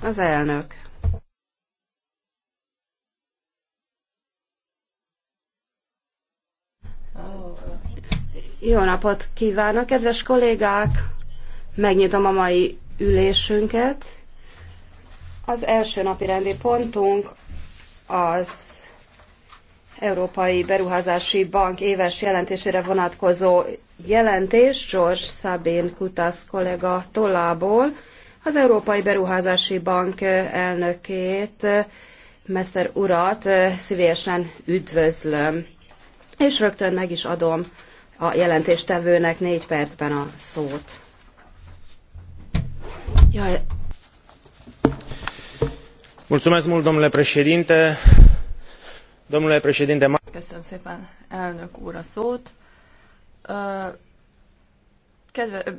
Az elnök. Jó napot kívánok, kedves kollégák! Megnyitom a mai ülésünket. Az első napi rendi pontunk az Európai Beruházási Bank éves jelentésére vonatkozó jelentés George Sabin Kutasz kollega tollából az Európai Beruházási Bank elnökét, Mester urat szívesen üdvözlöm. És rögtön meg is adom a jelentéstevőnek négy percben a szót. Jaj. Mulțumesc mult, domnule președinte. Domnule președinte, Köszönöm szépen, elnök úr, a szót. Kedve,